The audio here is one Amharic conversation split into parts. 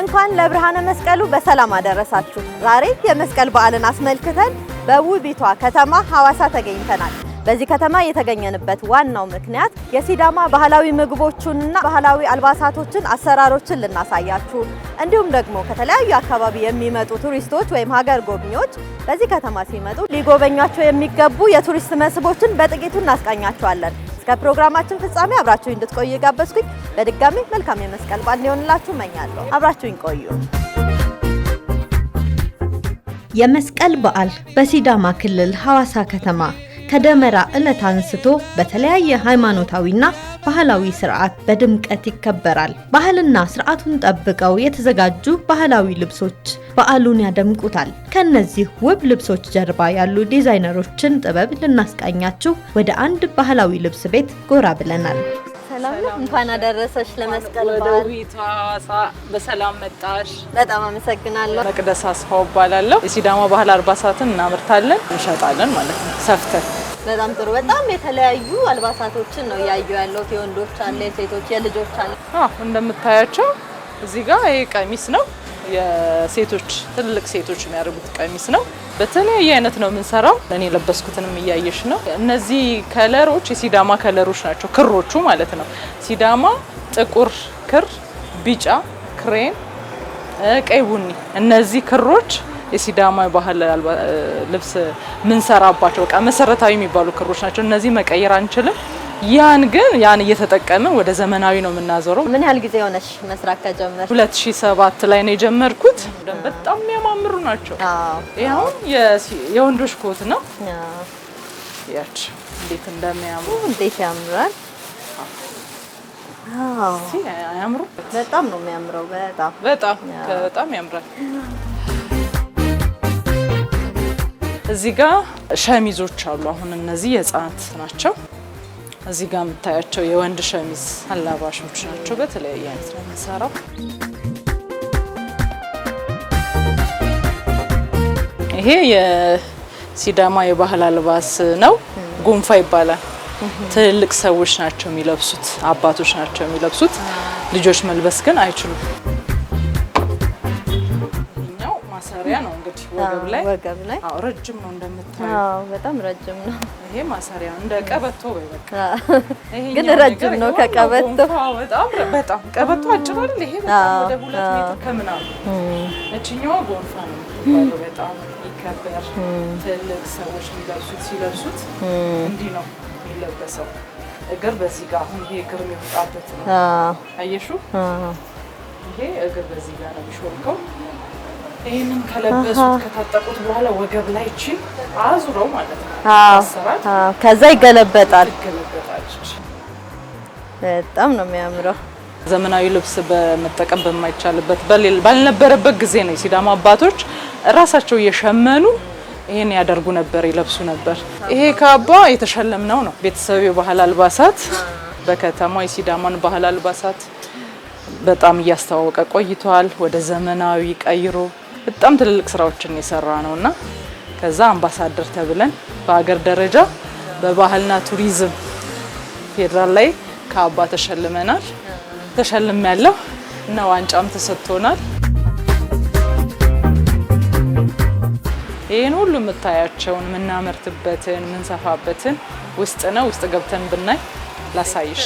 እንኳን ለብርሃነ መስቀሉ በሰላም አደረሳችሁ። ዛሬ የመስቀል በዓልን አስመልክተን በውቢቷ ከተማ ሐዋሳ ተገኝተናል። በዚህ ከተማ የተገኘንበት ዋናው ምክንያት የሲዳማ ባህላዊ ምግቦቹንና ባህላዊ አልባሳቶችን አሰራሮችን ልናሳያችሁ እንዲሁም ደግሞ ከተለያዩ አካባቢ የሚመጡ ቱሪስቶች ወይም ሀገር ጎብኚዎች በዚህ ከተማ ሲመጡ ሊጎበኟቸው የሚገቡ የቱሪስት መስህቦችን በጥቂቱ እናስቃኛቸዋለን። እስከ ፕሮግራማችን ፍጻሜ አብራችሁ እንድትቆዩ የጋበዝኩኝ። በድጋሚ መልካም የመስቀል በዓል ሊሆንላችሁ እመኛለሁ። አብራችሁኝ ቆዩ። የመስቀል በዓል በሲዳማ ክልል ሐዋሳ ከተማ ከደመራ ዕለት አንስቶ በተለያየ ሃይማኖታዊና ባህላዊ ስርዓት በድምቀት ይከበራል። ባህልና ስርዓቱን ጠብቀው የተዘጋጁ ባህላዊ ልብሶች በዓሉን ያደምቁታል። ከነዚህ ውብ ልብሶች ጀርባ ያሉ ዲዛይነሮችን ጥበብ ልናስቃኛችሁ ወደ አንድ ባህላዊ ልብስ ቤት ጎራ ብለናል። ሰላም ነው። እንኳን አደረሰሽ ለመስቀል በዓል። ውቢቷ በሰላም መጣሽ። በጣም አመሰግናለሁ። መቅደስ አስፋው እባላለሁ። የሲዳማ ባህል አልባሳትን እናምርታለን፣ እንሸጣለን ማለት ነው ሰፍተን። በጣም ጥሩ። በጣም የተለያዩ አልባሳቶችን ነው እያዩ ያለሁት። የወንዶች አለ፣ የሴቶች፣ የልጆች አለ። እንደምታያቸው እዚህ ጋር ይህ ቀሚስ ነው የሴቶች ትልልቅ ሴቶች የሚያደርጉት ቀሚስ ነው። በተለያየ አይነት ነው የምንሰራው። እኔ የለበስኩትንም እያየሽ ነው። እነዚህ ከለሮች የሲዳማ ከለሮች ናቸው፣ ክሮቹ ማለት ነው። ሲዳማ ጥቁር ክር፣ ቢጫ ክሬን፣ ቀይ ቡኒ፣ እነዚህ ክሮች የሲዳማ ባህል ልብስ ምንሰራባቸው በቃ መሰረታዊ የሚባሉ ክሮች ናቸው። እነዚህ መቀየር አንችልም። ያን ግን ያን እየተጠቀምን ወደ ዘመናዊ ነው የምናዞረው። ምን ያህል ጊዜ ሆነሽ መስራት ከጀመርሽ? 2007 ላይ ነው የጀመርኩት። በጣም የሚያማምሩ ናቸው። ይሁን የወንዶች ኮት ነው። ያች እንዴት እንደሚያምሩ እንዴት ያምራል! ያምሩ በጣም ነው የሚያምረው። በጣም በጣም በጣም ያምራል። እዚህ ጋር ሸሚዞች አሉ። አሁን እነዚህ የህፃናት ናቸው። እዚህ ጋር የምታያቸው የወንድ ሸሚዝ አላባሾች ናቸው። በተለያየ አይነት ነው የምንሰራው። ይሄ የሲዳማ የባህል አልባስ ነው፣ ጉንፋ ይባላል። ትልልቅ ሰዎች ናቸው የሚለብሱት፣ አባቶች ናቸው የሚለብሱት። ልጆች መልበስ ግን አይችሉም። ወገብ ላይ ወገብ ላይ። አዎ ረጅም ነው እንደምታዩ። አዎ በጣም ረጅም ነው። ይሄ ማሰሪያ እንደ ቀበቶ ወይ በቃ ግን ረጅም ነው ከቀበቶ። በጣም በጣም ቀበቶ አጭር አይደል? ይሄ በጣም ወደ ሁለት ሜትር ከምናምን። እችኛዋ ጎንፋ ነው በጣም ይከበር። ትልቅ ሰዎች ሊለብሱት ሲለብሱት እንዲህ ነው የሚለበሰው። እግር በዚህ ጋር አሁን ይሄ እግር የሚወጣበት ነው። አየሹ? ይሄ እግር በዚህ ጋር ነው የሚሾልከው ይህንን ከለበሱት ከታጠቁት በኋላ ወገብ ላይ ቺ አዙረው ማለት ነው። ከዛ ይገለበጣል። በጣም ነው የሚያምረው። ዘመናዊ ልብስ በመጠቀም በማይቻልበት ባልነበረበት ጊዜ ነው የሲዳማ አባቶች እራሳቸው እየሸመኑ ይሄን ያደርጉ ነበር፣ ይለብሱ ነበር። ይሄ ካባ የተሸለምነው ነው። ቤተሰብ የባህል አልባሳት በከተማ የሲዳማን ባህል አልባሳት በጣም እያስተዋወቀ ቆይቷል። ወደ ዘመናዊ ቀይሮ በጣም ትልልቅ ስራዎችን የሰራ ነው እና ከዛ አምባሳደር ተብለን በሀገር ደረጃ በባህልና ቱሪዝም ፌዴራል ላይ ከአባ ተሸልመናል። ተሸልም ያለው እና ዋንጫም ተሰጥቶናል። ይህን ሁሉ የምታያቸውን የምናመርትበትን የምንሰፋበትን ውስጥ ነው ውስጥ ገብተን ብናይ ላሳይሽ።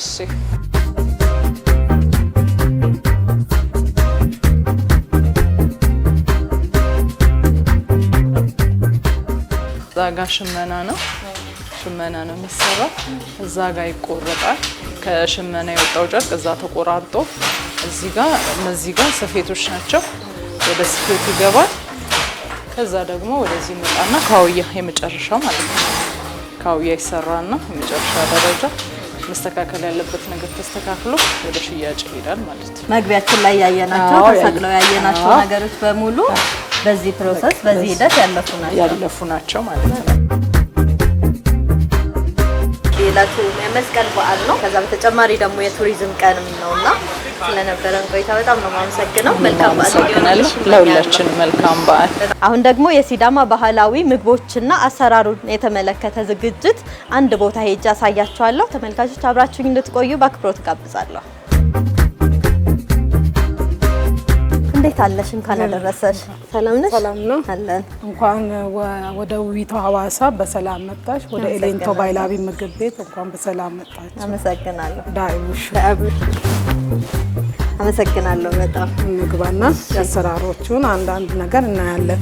እሺ ጋ ሽመና ነው ሽመና ነው የሚሰራ። እዛ ጋ ይቆረጣል። ከሽመና የወጣው ጨርቅ እዛ ተቆራርጦ እዚህ እነዚህ ጋ ስፌቶች ናቸው። ወደ ስፌት ይገባል። ከዛ ደግሞ ወደዚህ ይመጣና ካውያ የመጨረሻው ማለት ነው። ካውያ ይሰራና የመጨረሻ ደረጃ መስተካከል ያለበት ነገር ተስተካክሎ ወደ ሽያጭ ይሄዳል ማለት ነው። መግቢያችን ላይ ያየናቸው ተሰቅለው ያየናቸው ነገሮች በሙሉ በዚህ ፕሮሰስ በዚህ ሂደት ያለፉ ናቸው ያለፉ ናቸው ማለት ነው። ሌላቱ የመስቀል በዓል ነው። ከዛ በተጨማሪ ደግሞ የቱሪዝም ቀንም ነውና ስለነበረን ቆይታ በጣም ነው የማመሰግነው። መልካም በዓል ለሁላችን፣ መልካም በዓል። አሁን ደግሞ የሲዳማ ባህላዊ ምግቦችና አሰራሩን የተመለከተ ዝግጅት አንድ ቦታ ሄጄ አሳያችኋለሁ። ተመልካቾች አብራችሁኝ እንድትቆዩ በአክብሮት ጋብዛለሁ። እንዴት አለሽ? እንኳን አደረሰሽ። ሰላም ነሽ? ሰላም ነው አለን። እንኳን ወደ ውቢቷ ሀዋሳ በሰላም መጣሽ። ወደ ኤሌንቶ ባይላቢ ምግብ ቤት እንኳን በሰላም መጣሽ። አመሰግናለሁ። ዳይሽ አመሰግናለሁ። በጣም ምግባና የአሰራሮቹን አንዳንድ ነገር እናያለን።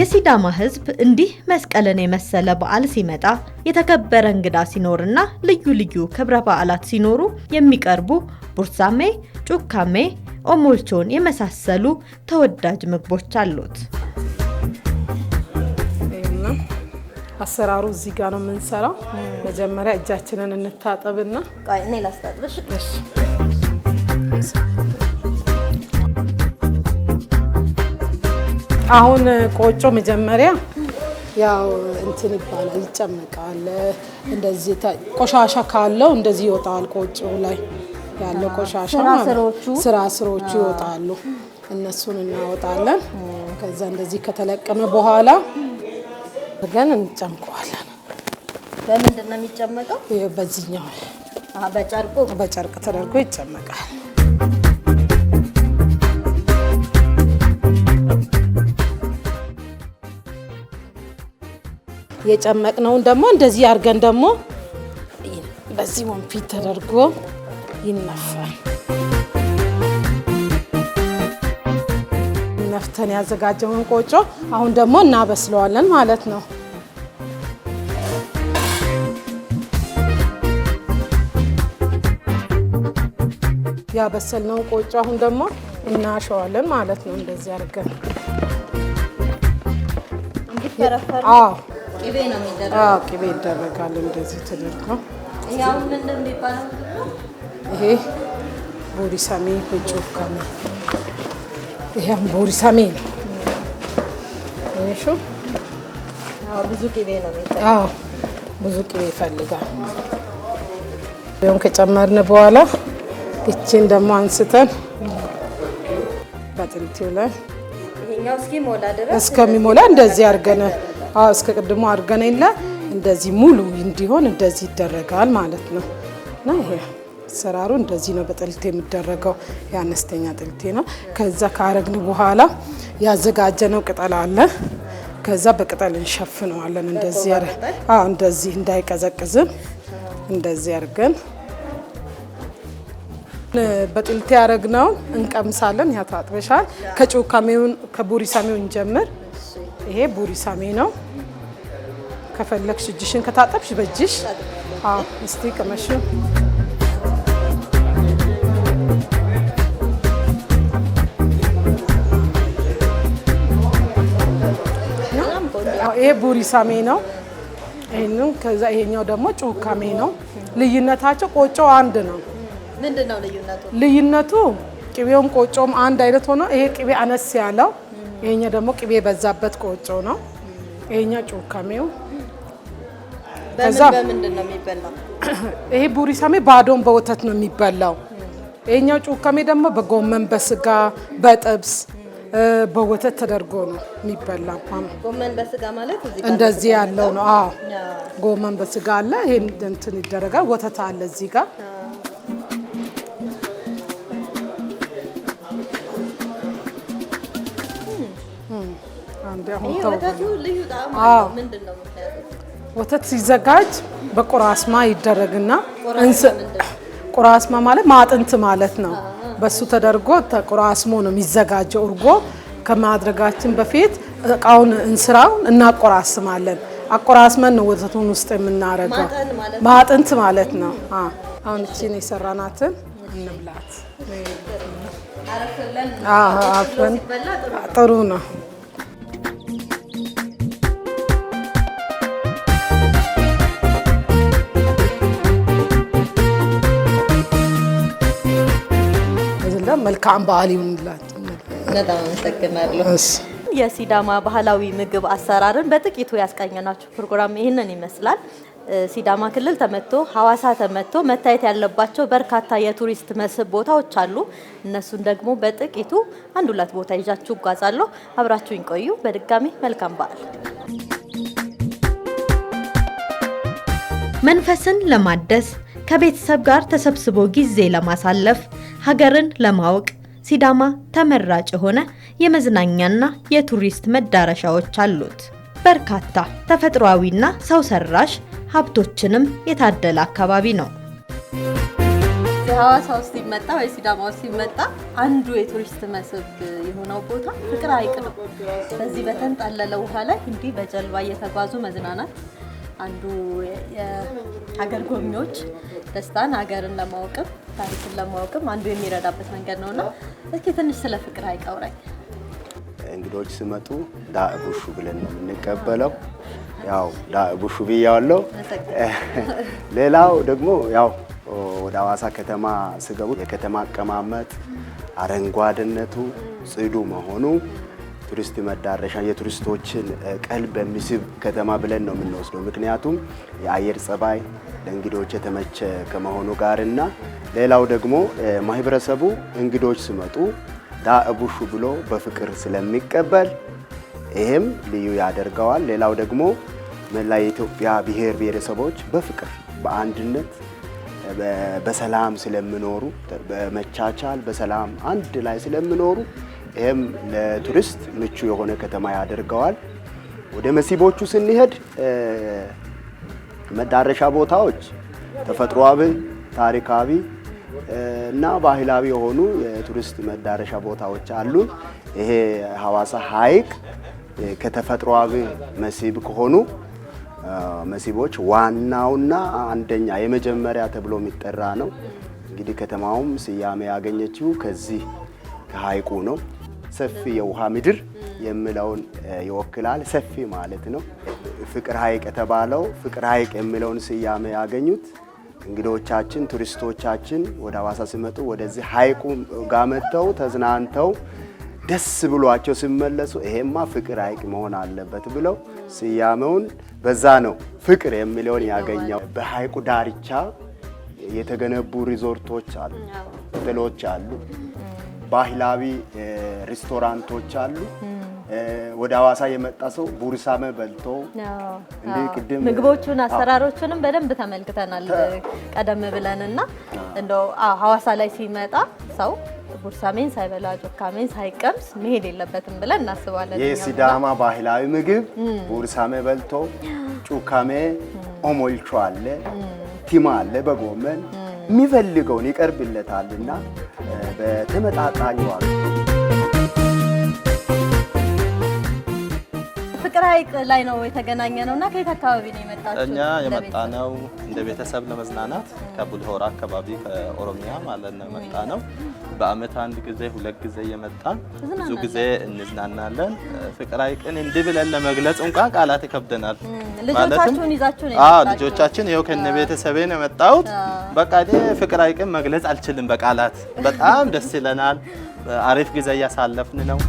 የሲዳማ ህዝብ እንዲህ መስቀልን የመሰለ በዓል ሲመጣ የተከበረ እንግዳ ሲኖርና ልዩ ልዩ ክብረ በዓላት ሲኖሩ የሚቀርቡ ቡርሳሜ፣ ጩካሜ ኦሞልቾን የመሳሰሉ ተወዳጅ ምግቦች አሉት። አሰራሩ እዚህ ጋር ነው የምንሰራው። መጀመሪያ እጃችንን እንታጠብና እኔ ላስታጥብሽ። አሁን ቆጮ መጀመሪያ ያው እንትን ይባላል፣ ይጨመቃል። እንደዚህ ቆሻሻ ካለው እንደዚህ ይወጣል ቆጮ ላይ ያለው ቆሻሻ ስራ ስሮቹ ይወጣሉ። እነሱን እናወጣለን። ከዛ እንደዚህ ከተለቀመ በኋላ አድርገን እንጨምቀዋለን። በምንድን ነው የሚጨመቀው? በዚህኛው በጨርቁ በጨርቅ ተደርጎ ይጨመቃል። የጨመቅነውን ደግሞ እንደዚህ አድርገን ደግሞ በዚህ ወንፊት ተደርጎ ይነፋል። ነፍተን ያዘጋጀውን ቆጮ አሁን ደግሞ እናበስለዋለን ማለት ነው። ያበሰልነውን ቆጮ አሁን ደግሞ እናሸዋለን ማለት ነው። እንደዚህ አድርገን ቅቤ ይደረጋል። እንደዚህ ትልቅ ነው። ይሄ ቦሪሳሜ በጮ ካሜ ይሄም ቦሪሳሜ ነው። እሺ ብዙ ቅቤ ነው። ብዙ ቅቤ ይፈልጋል። ይሁን ከጨመርን በኋላ እቺን ደግሞ አንስተን እስከሚሞላ እንደዚህ እስከ ቅድሞ እንደዚህ ሙሉ እንዲሆን እንደዚህ ይደረጋል ማለት ነው። እና ይሄ አሰራሩ እንደዚህ ነው። በጥልቴ የሚደረገው የአነስተኛ ጥልቴ ነው። ከዛ ካረግን በኋላ ያዘጋጀነው ቅጠል አለ። ከዛ በቅጠል እንሸፍነዋለን። እንደዚህ እንደዚህ እንዳይቀዘቅዝም እንደዚህ አርገን በጥልቴ ያረግነው እንቀምሳለን። ታጥበሻል። ከጩካሜውን ከቡሪሳሜው እንጀምር። ይሄ ቡሪሳሜ ነው። ከፈለግሽ እጅሽን ከታጠብሽ በእጅሽ እስቲ ah, ቅመሹ። ይሄ ቡሪሳሜ ነው። ይሄንም ከዛ ይሄኛው ደግሞ ጩካሜ ነው። ልዩነታቸው ቆጮው አንድ ነው። ምንድነው ልዩነቱ? ልዩነቱ ቅቤውም ቆጮም አንድ አይነት ሆኖ ይሄ ቅቤ አነስ ያለው፣ ይሄኛው ደግሞ ቅቤ የበዛበት ቆጮ ነው። ይሄኛው ጩካሜው ከዛ በምንድን ነው የሚበላው? ይሄ ቡሪሳሜ ባዶን በወተት ነው የሚበላው። ይሄኛው ጩካሜ ደግሞ በጎመን በስጋ በጥብስ በወተት ተደርጎ ነው የሚበላው። ጎመን በስጋ ማለት እንደዚህ ያለው ነው። አዎ ጎመን በስጋ አለ። ይሄም እንትን ይደረጋል። ወተት አለ እዚህ ጋር አንዴ አሁን ወተት ሲዘጋጅ በቁራስማ ይደረግና ቁራስማ ማለት ማጥንት ማለት ነው። በሱ ተደርጎ ተቁራስሞ ነው የሚዘጋጀው። እርጎ ከማድረጋችን በፊት እቃውን እንስራውን እናቆራስማለን። አቆራስመን ነው ወተቱን ውስጥ የምናደርገው። ማጥንት ማለት ነው። አሁን እቺን የሰራናትን እንብላት። ጥሩ ነው። መልካም በዓል ይሁንላት። በጣም አመሰግናለሁ። የሲዳማ ባህላዊ ምግብ አሰራርን በጥቂቱ ያስቃኘናችሁ ፕሮግራም ይህንን ይመስላል። ሲዳማ ክልል ተመቶ ሀዋሳ ተመቶ መታየት ያለባቸው በርካታ የቱሪስት መስህብ ቦታዎች አሉ። እነሱን ደግሞ በጥቂቱ አንድ ሁለት ቦታ ይዣችሁ እጓዛለሁ። አብራችሁኝ ቆዩ። በድጋሚ መልካም በዓል። መንፈስን ለማደስ ከቤተሰብ ጋር ተሰብስቦ ጊዜ ለማሳለፍ ሀገርን ለማወቅ ሲዳማ ተመራጭ የሆነ የመዝናኛና የቱሪስት መዳረሻዎች አሉት። በርካታ ተፈጥሯዊና ሰው ሰራሽ ሀብቶችንም የታደለ አካባቢ ነው። ሀዋሳ ውስጥ ሲመጣ ወይ ሲዳማ ውስጥ ሲመጣ አንዱ የቱሪስት መስህብ የሆነው ቦታ ፍቅር ሐይቅ ነው። በዚህ በተንጣለለ ውሃ ላይ እንዲህ በጀልባ እየተጓዙ መዝናናት አንዱ የሀገር ጎብኚዎች ደስታን ሀገርን ለማወቅም ታሪክን ለማወቅም አንዱ የሚረዳበት መንገድ ነውና እስኪ ትንሽ ስለ ፍቅር ሐይቅ እንግዶች ሲመጡ ዳእቡሹ ብለን ነው የምንቀበለው። ያው ዳእቡሹ ብያዋለው። ሌላው ደግሞ ያው ወደ ሐዋሳ ከተማ ስገቡ የከተማ አቀማመጥ አረንጓዴነቱ ጽዱ መሆኑ ቱሪስት መዳረሻ የቱሪስቶችን ቀልብ በሚስብ ከተማ ብለን ነው የምንወስደው። ምክንያቱም የአየር ጸባይ ለእንግዶች የተመቸ ከመሆኑ ጋር እና ሌላው ደግሞ ማህበረሰቡ እንግዶች ሲመጡ ዳእቡሹ ብሎ በፍቅር ስለሚቀበል ይህም ልዩ ያደርገዋል። ሌላው ደግሞ መላ የኢትዮጵያ ብሔር ብሔረሰቦች በፍቅር በአንድነት በሰላም ስለሚኖሩ በመቻቻል በሰላም አንድ ላይ ስለሚኖሩ ይህም ለቱሪስት ምቹ የሆነ ከተማ ያደርገዋል። ወደ መስህቦቹ ስንሄድ መዳረሻ ቦታዎች ተፈጥሯዊ፣ ታሪካዊ እና ባህላዊ የሆኑ የቱሪስት መዳረሻ ቦታዎች አሉ። ይሄ ሀዋሳ ሐይቅ ከተፈጥሯዊ መስህብ ከሆኑ መስህቦች ዋናውና አንደኛ የመጀመሪያ ተብሎ የሚጠራ ነው። እንግዲህ ከተማውም ስያሜ ያገኘችው ከዚህ ከሐይቁ ነው። ሰፊ የውሃ ምድር የሚለውን ይወክላል። ሰፊ ማለት ነው። ፍቅር ሐይቅ የተባለው ፍቅር ሐይቅ የሚለውን ስያሜ ያገኙት እንግዶቻችን፣ ቱሪስቶቻችን ወደ ሀዋሳ ሲመጡ ወደዚህ ሐይቁ ጋር መጥተው ተዝናንተው ደስ ብሏቸው ሲመለሱ ይሄማ ፍቅር ሐይቅ መሆን አለበት ብለው ስያሜውን በዛ ነው ፍቅር የሚለውን ያገኘው። በሐይቁ ዳርቻ የተገነቡ ሪዞርቶች አሉ፣ ሆቴሎች አሉ። ባህላዊ ሬስቶራንቶች አሉ። ወደ ሀዋሳ የመጣ ሰው ቡርሳመ በልቶ እንዲህ ቅድም ምግቦቹን አሰራሮቹንም በደንብ ተመልክተናል ቀደም ብለን እና እንደው ሀዋሳ ላይ ሲመጣ ሰው ቡርሳሜን ሳይበላ ጮካሜን ሳይቀምስ መሄድ የለበትም ብለን እናስባለን። የሲዳማ ባህላዊ ምግብ ቡርሳመ በልቶ ጩካሜ ኦሞልቾ አለ፣ ቲማ አለ በጎመን የሚፈልገውን ይቀርብለታልና በተመጣጣኝ ዋጋ ሸገር ሐይቅ ላይ ነው የተገናኘ ነው እና ከየት አካባቢ ነው እኛ የመጣ ነው እንደ ቤተሰብ ለመዝናናት ከቡልሆራ አካባቢ ከኦሮሚያ ማለት ነው የመጣ ነው። በአመት አንድ ጊዜ ሁለት ጊዜ የመጣን ብዙ ጊዜ እንዝናናለን። ፍቅር ሐይቅን እንዲህ ብለን ለመግለጽ እንኳን ቃላት ይከብደናል። ልጆቻችሁን ይዛችሁ ነው? አዎ ልጆቻችን ይኸው ከነ ቤተሰቤ ነው የመጣሁት። በቃ ፍቅር ሐይቅን መግለጽ አልችልም በቃላት። በጣም ደስ ይለናል። አሪፍ ጊዜ እያሳለፍን ነው።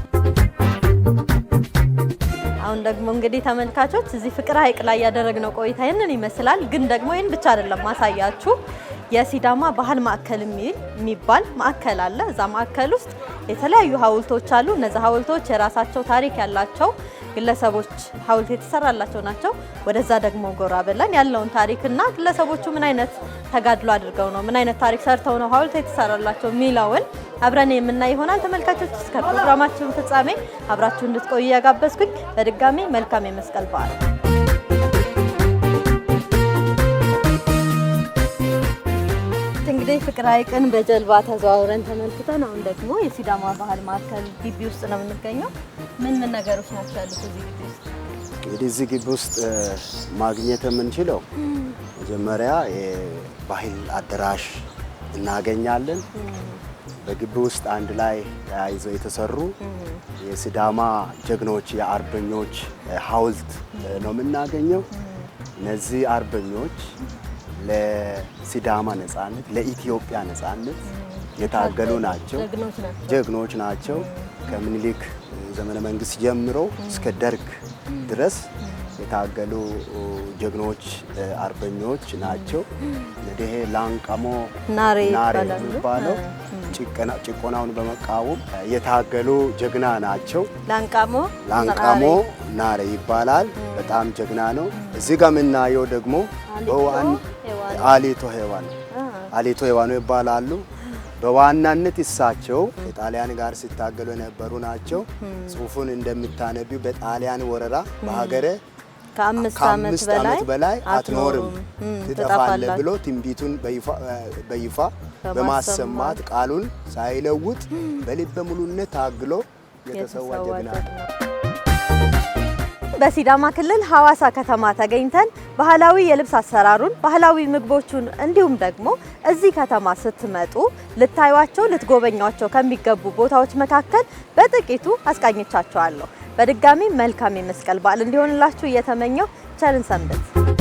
አሁን ደግሞ እንግዲህ ተመልካቾች እዚህ ፍቅር ሀይቅ ላይ ያደረግነው ቆይታ ይህንን ይመስላል። ግን ደግሞ ይህን ብቻ አይደለም ማሳያችሁ። የሲዳማ ባህል ማዕከል የሚባል ማዕከል አለ። እዛ ማዕከል ውስጥ የተለያዩ ሀውልቶች አሉ። እነዚ ሀውልቶች የራሳቸው ታሪክ ያላቸው ግለሰቦች ሀውልት የተሰራላቸው ናቸው። ወደዛ ደግሞ ጎራ ብለን ያለውን እና ግለሰቦቹ ምን አይነት ተጋድሎ አድርገው ነው ምን አይነት ታሪክ ሰርተው ነው ሀውልት የተሰራላቸው የሚለውን አብረን የምናይ ይሆናል። ተመልካቾች እስከ ፕሮግራማችን ፍጻሜ አብራችሁ እንድትቆዩ እያጋበዝኩኝ በድጋሚ መልካም የመስቀል በዓል እንግዲህ ፍቅር ሐይቅን በጀልባ ተዘዋውረን ተመልክተን አሁን ደግሞ የሲዳማ ባህል ማዕከል ግቢ ውስጥ ነው የምንገኘው። ምን ምን ነገሮች ናቸው ያሉት እዚህ ግቢ ውስጥ? እንግዲህ እዚህ ግቢ ውስጥ ማግኘት የምንችለው መጀመሪያ የባህል አዳራሽ እናገኛለን። በግቢ ውስጥ አንድ ላይ ተያይዘው የተሰሩ የሲዳማ ጀግኖች የአርበኞች ሐውልት ነው የምናገኘው። እነዚህ አርበኞች ለሲዳማ ነጻነት፣ ለኢትዮጵያ ነጻነት የታገሉ ናቸው፣ ጀግኖች ናቸው። ከምኒልክ ዘመነ መንግስት ጀምሮ እስከ ደርግ ድረስ የታገሉ ጀግኖች አርበኞች ናቸው። እንግዲህ ላንቀሞ ናሬ የሚባለው ጭቆናውን በመቃወም የታገሉ ጀግና ናቸው። ላንቃሞ ላንቃሞ ናሬ ይባላል። በጣም ጀግና ነው። እዚህ ጋር የምናየው ደግሞ በዋን አሊቶ ሄዋን አሊቶ ሄዋኖ ይባላሉ። በዋናነት እሳቸው ከጣሊያን ጋር ሲታገሉ የነበሩ ናቸው። ጽሁፉን እንደምታነቢው በጣሊያን ወረራ በሀገረ ከአምስት ዓመት በላይ አትኖርም ትጠፋለህ ብሎ ትንቢቱን በይፋ በማሰማት ቃሉን ሳይለውጥ በልበ ሙሉነት ታግሎ የተሰዋ ጀግና በሲዳማ ክልል ሐዋሳ ከተማ ተገኝተን ባህላዊ የልብስ አሰራሩን፣ ባህላዊ ምግቦቹን እንዲሁም ደግሞ እዚህ ከተማ ስትመጡ ልታዩቸው ልትጎበኟቸው ከሚገቡ ቦታዎች መካከል በጥቂቱ አስቃኝቻቸዋለሁ። በድጋሚ መልካም የመስቀል በዓል እንዲሆንላችሁ እየተመኘው ቸርን ሰንብት።